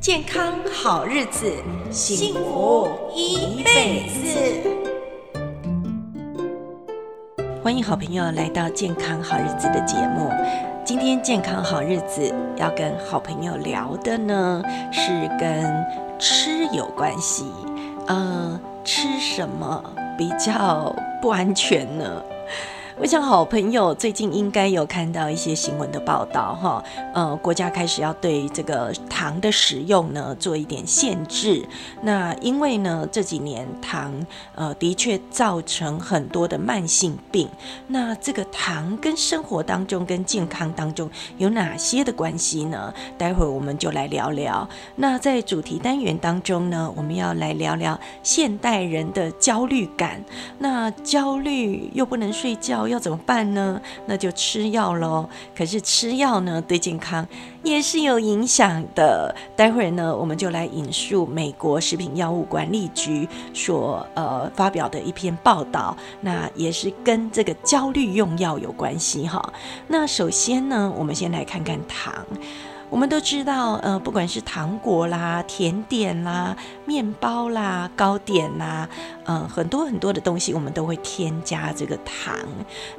健康好日子，幸福一輩子。歡迎好朋友來到《健康好日子》的節目。今天《健康好日子》要跟好朋友聊的呢，是跟吃有關係。呃，吃什麼比較不安全呢？我想好，好朋友最近應該有看到一些新聞的報道，哈，呃，國家開始要對這個糖的使用呢做一點限制。嗯，那因為呢，這幾年糖，呃，的確造成很多的慢性病。那這個糖跟生活當中跟健康當中有哪些的關係呢？待會兒我們就來聊聊。那在主題單元當中呢，我們要來聊聊現代人的焦慮感。那焦慮又不能睡覺。要怎麼辦呢？那就吃藥嘍。可是吃藥呢，對健康也是有影響的。待會兒呢，我們就來引述美國食品藥物管理局所呃發表的一篇報道，那也是跟這個焦慮用藥有關係哈。那首先呢，我們先來看看糖。我們都知道，呃，不管是糖果啦、甜點啦。麵包啦、糕點啦，嗯、呃，很多很多的東西，我們都會添加這個糖。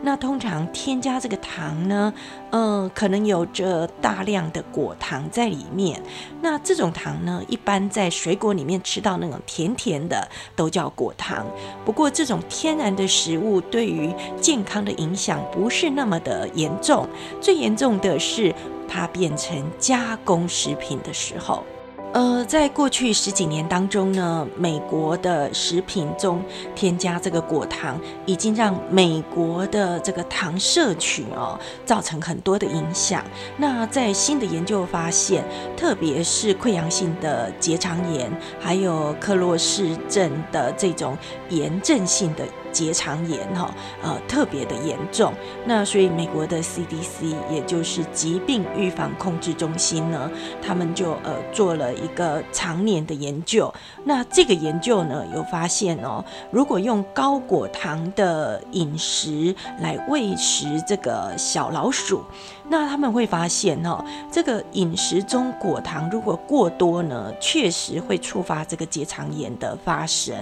那通常添加這個糖呢，嗯、呃，可能有着大量的果糖在裡面。那這種糖呢，一般在水果裡面吃到那種甜甜的，都叫果糖。不過，這種天然的食物對於健康的影響不是那麼的嚴重。最嚴重的是，它變成加工食品的時候。呃，在過去十幾年當中呢，美國的食品中添加這個果糖，已經讓美國的這個糖攝取哦，造成很多的影響。那在新的研究發現，特別是潰瘍性的結腸炎，還有克隆氏症的這種炎症性的。結腸炎哈，呃，特別的嚴重。那所以美國的 CDC，也就是疾病預防控制中心呢，他們就呃做了一個常年的研究。那這個研究呢，有發現哦，如果用高果糖的飲食來餵食這個小老鼠。那他們會發現哈、哦，這個飲食中果糖如果過多呢，確實會觸發這個結腸炎的發生。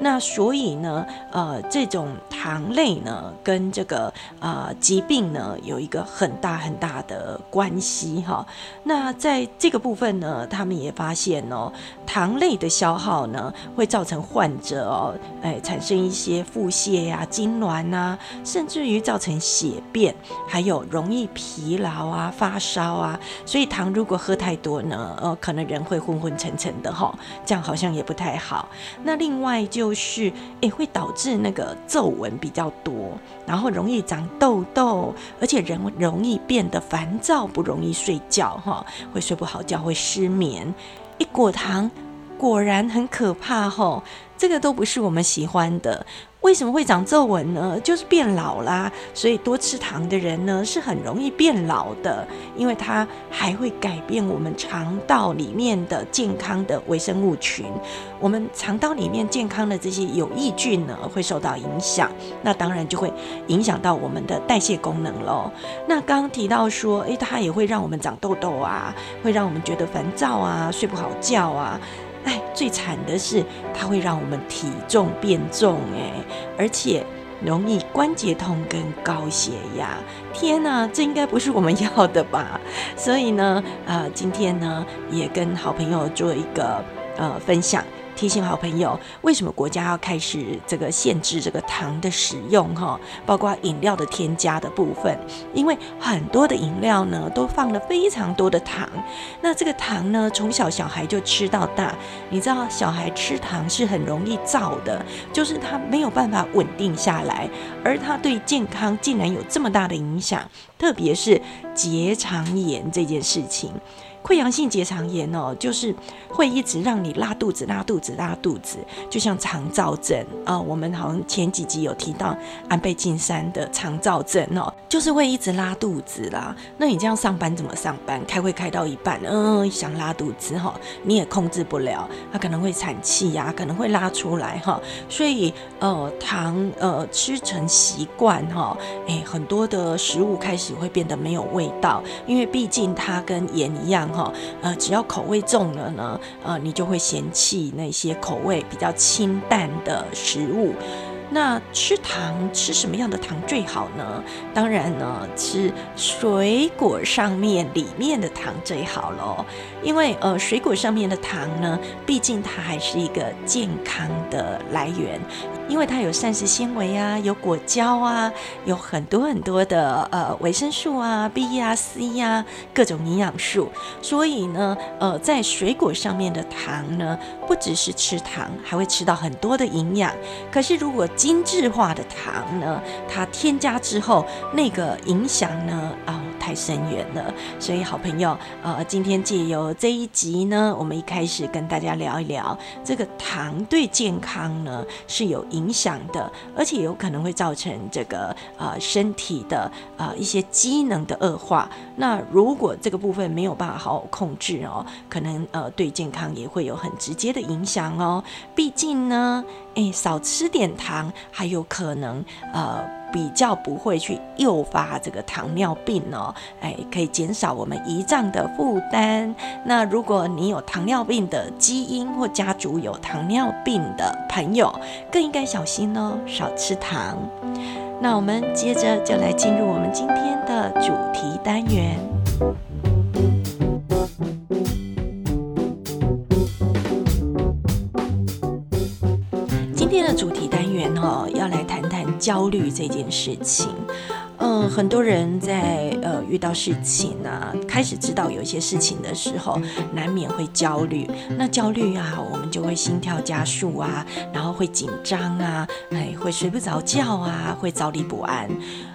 那所以呢，呃，這種糖類呢，跟這個呃疾病呢，有一個很大很大的關係哈、哦。那在這個部分呢，他們也發現哦，糖類的消耗呢，會造成患者哦，哎、呃，產生一些腹瀉呀、啊、痙攣吶，甚至於造成血便，還有容易疲。疲勞啊，發燒啊，所以糖如果喝太多呢，呃，可能人會昏昏沉沉的哈、哦，這樣好像也不太好。那另外就是，哎，會導致那個皺紋比較多，然後容易長痘痘，而且人容易變得煩躁，不容易睡覺哈、哦，會睡不好覺，會失眠。一果糖。果然很可怕吼，這個都不是我們喜歡的。為什麼會長皺紋呢？就是變老啦。所以多吃糖的人呢，是很容易變老的，因為它還會改變我們腸道裡面的健康的微生物群。我們腸道裡面健康的這些有益菌呢，會受到影響，那當然就會影響到我們的代謝功能咯。那剛剛提到說，誒，它也會讓我們長痘痘啊，會讓我們覺得煩躁啊，睡不好覺啊。最慘的是，它會讓我們體重變重，誒，而且容易關節痛跟高血壓。天吶，這應該不是我們要的吧？所以呢，呃，今天呢，也跟好朋友做一個呃分享。提醒好朋友，為什麼國家要開始這個限制這個糖的使用哈，包括飲料的添加的部分，因為很多的飲料呢都放了非常多的糖。那這個糖呢，從小小孩就吃到大，你知道小孩吃糖是很容易燥的就是他沒有辦法穩定下來，而他對健康竟然有這麼大的影響，特別是結腸炎這件事情。潰瘍性結腸炎哦，就是會一直讓你拉肚子、拉肚子、拉肚子，就像腸躁症啊、呃。我們好像前幾集有提到安倍晉三的腸躁症哦、喔，就是會一直拉肚子啦。那你這樣上班怎麼上班？開會開到一半，嗯、呃，想拉肚子哈、喔，你也控制不了，他可能會產氣呀、啊，可能會拉出來哈、喔。所以呃，糖呃吃成習慣哈，誒、欸，很多的食物開始會變得沒有味道，因為畢竟它跟鹽一樣。哈，呃，只要口味重了呢，呃，你就會嫌棄那些口味比較清淡的食物。那吃糖吃什麼樣的糖最好呢？當然呢，吃水果上面裡面的糖最好嘍。因為呃，水果上面的糖呢，畢竟它還是一個健康的來源，因為它有膳食纖維啊，有果膠啊，有很多很多的呃維生素啊，B 呀、C 呀，各種營養素。所以呢，呃，在水果上面的糖呢，不只是吃糖，還會吃到很多的營養。可是如果精緻化的糖呢，它添加之後那個影響呢，哦、呃，太深遠了。所以，好朋友，呃，今天借由這一集呢，我們一開始跟大家聊一聊這個糖對健康呢是有影響的，而且有可能會造成這個呃身體的呃一些機能的惡化。那如果這個部分沒有辦法好好控制哦，可能呃對健康也會有很直接的影響哦。畢竟呢。誒，少吃點糖，還有可能，呃，比較不會去誘發這個糖尿病哦。誒，可以減少我們胰臟的負擔。那如果你有糖尿病的基因或家族有糖尿病的朋友，更應該小心哦，少吃糖。那我們接着就來進入我們今天的主題單元。焦慮這件事情。嗯、呃，很多人在呃遇到事情呢、啊，開始知道有一些事情的時候，難免會焦慮。那焦慮啊，我們就會心跳加速啊，然後會緊張啊，哎，會睡不着覺啊，會坐立不安。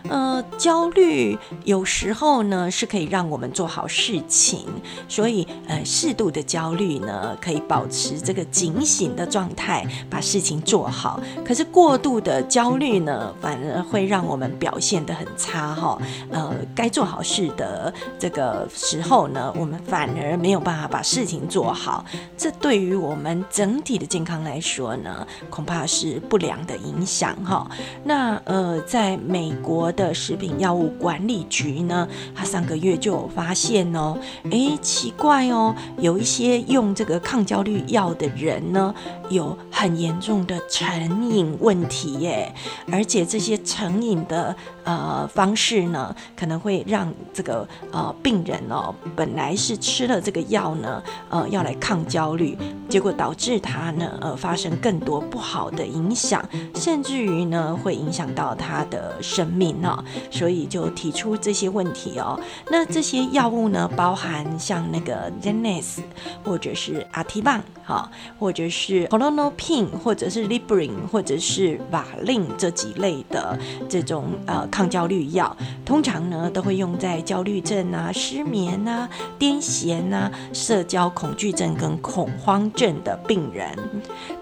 呃，焦慮有時候呢是可以讓我們做好事情，所以呃，適度的焦慮呢，可以保持這個警醒的狀態，把事情做好。可是過度的焦慮呢，反而會讓我們表現得很差哈、哦，呃，該做好事的這個時候呢，我們反而沒有辦法把事情做好，這對於我們整體的健康來說呢，恐怕是不良的影響哈、哦。那呃，在美國的食品藥物管理局呢，他上個月就有發現哦，哎，奇怪哦，有一些用這個抗焦慮藥的人呢，有很嚴重的成癮問題耶，而且這些成癮的。呃，方式呢，可能會讓這個呃病人哦，本來是吃了這個藥呢，呃，要來抗焦慮，結果導致他呢，呃，發生更多不好的影響，甚至於呢，會影響到他的生命哦。所以就提出這些問題哦。那這些藥物呢，包含像那個 Xanax，或者是 Ativan 哈，或者是 Klonopin，或者是 Librium，或者是 Valium 這幾類的這種呃。抗焦慮藥通常呢都會用在焦慮症啊、失眠啊、癲癇啊、社交恐懼症跟恐慌症的病人。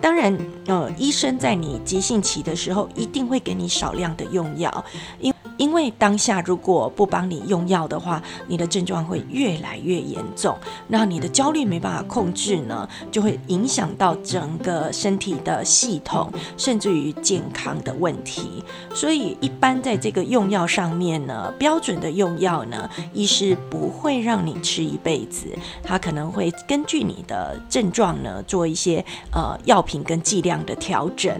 當然，呃，醫生在你急性期的時候一定會給你少量的用藥，因因為當下如果不幫你用藥的話，你的症狀會越來越嚴重，那你的焦慮沒辦法控制呢，就會影響到整個身體的系統，甚至於健康的問題。所以一般在這個用藥上面呢，標準的用藥呢，醫師不會讓你吃一輩子，他可能會根據你的症狀呢，做一些呃藥品跟劑量的調整。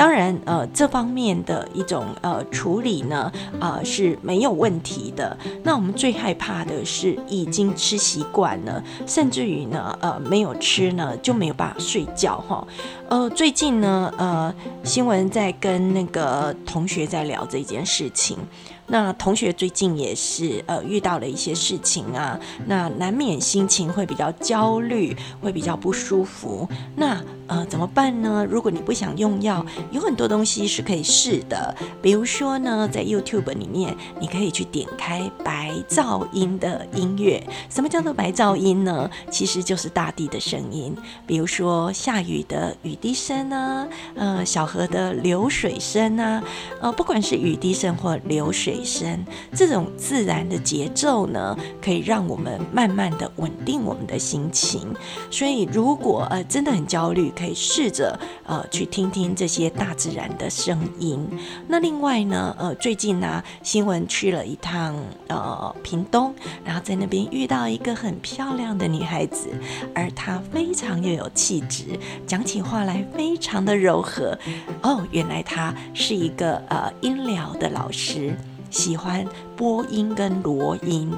當然，呃，這方面的一種呃處理呢，呃，是沒有問題的。那我們最害怕的是已經吃習慣了，甚至於呢，呃，沒有吃呢就沒有辦法睡覺哈。呃，最近呢，呃，新聞在跟那個同學在聊這件事情。那同學最近也是呃遇到了一些事情啊，那難免心情會比較焦慮，會比較不舒服。那呃，怎麼辦呢？如果你不想用藥，有很多東西是可以試的。比如說呢，在 YouTube 裡面，你可以去點開白噪音的音樂。什麼叫做白噪音呢？其實就是大地的聲音，比如說下雨的雨滴聲啊，呃，小河的流水聲啊，呃，不管是雨滴聲或流水聲，這種自然的節奏呢，可以讓我們慢慢的穩定我們的心情。所以，如果呃真的很焦慮，可以試着呃去聽聽這些大自然的聲音。那另外呢，呃，最近呢，啊，新聞去了一趟呃屏東，然後在那邊遇到一個很漂亮的女孩子，而她非常又有氣質，講起話來非常的柔和。哦，原來她是一個呃音療的老師，喜歡播音跟羅音。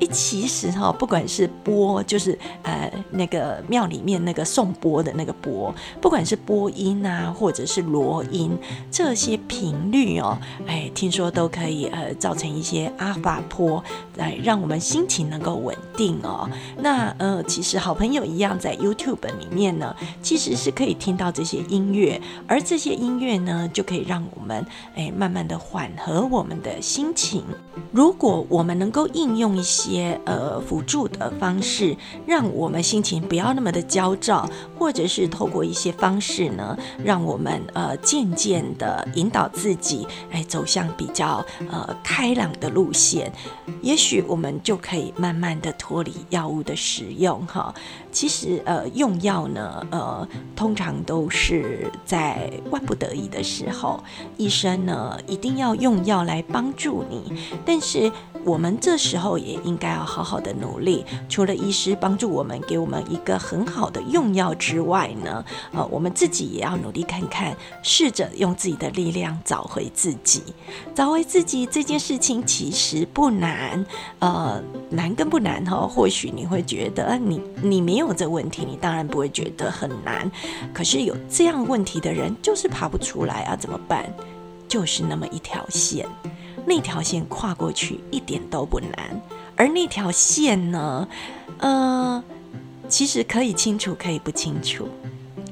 欸、其實哈，不管是缽，就是呃那個廟裡面那個頌鉢的那個鉢，不管是缽音啊，或者是鑼音，這些頻率哦、喔，誒、欸，聽說都可以呃造成一些阿法波，來、欸、讓我們心情能夠穩定哦、喔。那呃，其實好朋友一樣，在 YouTube 裡面呢，其實是可以聽到這些音樂，而這些音樂呢，就可以讓我們誒、欸、慢慢的緩和我們的心情。如果我們能夠應用一些。些呃輔助的方式，讓我們心情不要那麼的焦躁，或者是透過一些方式呢，讓我們呃漸漸的引導自己，哎，走向比較呃開朗的路線，也許我們就可以慢慢的脫離藥物的使用哈。其實呃用藥呢，呃通常都是在萬不得已的時候，醫生呢一定要用藥來幫助你，但是。我們這時候也應該要好好的努力。除了醫師幫助我們，給我們一個很好的用藥之外呢，呃，我們自己也要努力看看，試着用自己的力量找回自己。找回自己這件事情其實不難，呃，難跟不難哈、哦？或許你會覺得你你沒有這問題，你當然不會覺得很難。可是有這樣問題的人就是爬不出來啊？怎麼辦？就是那麼一條線。那條線跨過去一點都不難，而那條線呢，呃，其實可以清楚，可以不清楚，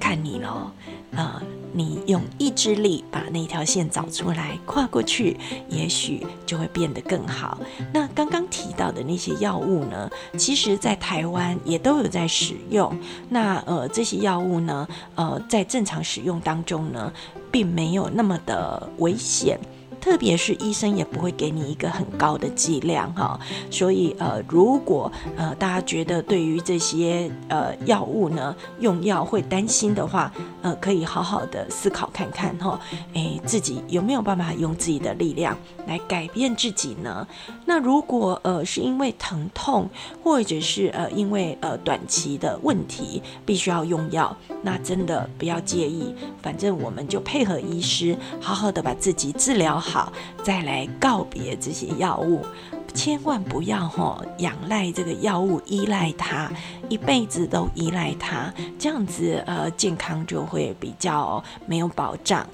看你咯，呃，你用意志力把那條線找出來跨過去，也許就會變得更好。那剛剛提到的那些藥物呢，其實在台灣也都有在使用。那呃，這些藥物呢，呃，在正常使用當中呢，並沒有那麼的危險。特別是醫生也不會給你一個很高的劑量哈，所以呃，如果呃大家覺得對於這些呃藥物呢，用藥會擔心的話，呃，可以好好的思考看看哈，欸，自己有沒有辦法用自己的力量來改變自己呢？那如果呃是因為疼痛，或者是呃因為呃短期的問題必須要用藥，那真的不要介意，反正我們就配合醫師，好好的把自己治療好，再來告別這些藥物，千萬不要吼仰賴這個藥物，依賴它，一輩子都依賴它，這樣子呃健康就會比較沒有保障，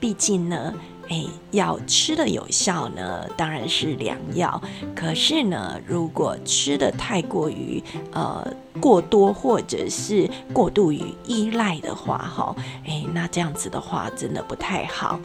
畢竟呢，誒、哎，要吃的有效呢，當然是良藥。可是呢，如果吃的太過於呃過多，或者是過度於依賴的話，哈，誒、哎，那這樣子的話，真的不太好，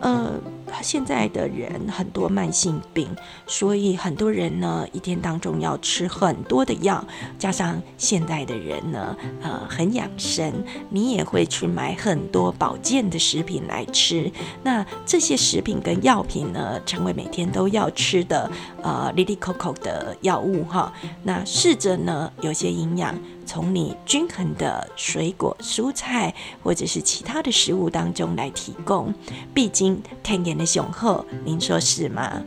嗯、呃。現在的人很多慢性病，所以很多人呢，一天當中要吃很多的藥，加上現在的人呢，呃，很養生，你也會去買很多保健的食品來吃。那這些食品跟藥品呢，成為每天都要吃的，呃，粒粒口口的藥物哈。那試着呢，有些營養。從你均衡的水果、蔬菜或者是其他的食物當中來提供，畢竟天然的雄厚，您說是嗎？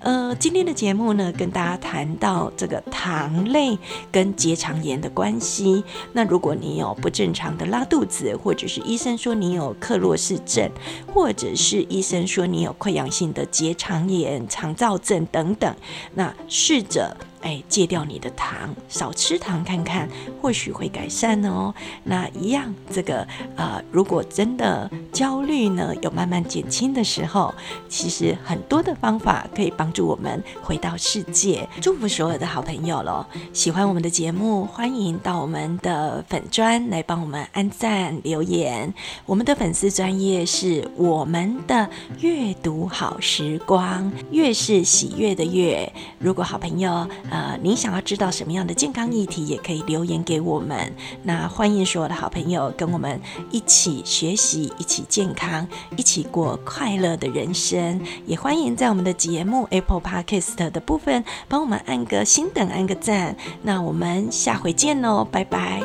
呃，今天的節目呢，跟大家談到這個糖類跟結腸炎的關係。那如果你有不正常的拉肚子，或者是醫生說你有克洛氏症，或者是醫生說你有潰瘍性的結腸炎、腸躁症等等，那試着。哎，戒掉你的糖，少吃糖，看看或許會改善哦。那一樣，這個呃，如果真的焦慮呢，有慢慢減輕的時候，其實很多的方法可以幫助我們回到世界。祝福所有的好朋友嘍！喜歡我們的節目，歡迎到我們的粉專來幫我們按贊留言。我們的粉絲專頁是我們的悅讀好時光，悅是喜悅的悅。如果好朋友。呃呃，您想要知道什麼樣的健康議題，也可以留言給我們。那歡迎所有的好朋友跟我們一起學習，一起健康，一起過快樂的人生。也歡迎在我們的節目 Apple Podcast 的部分幫我們按個心，等按個贊。那我們下回見嘍，哦，拜拜。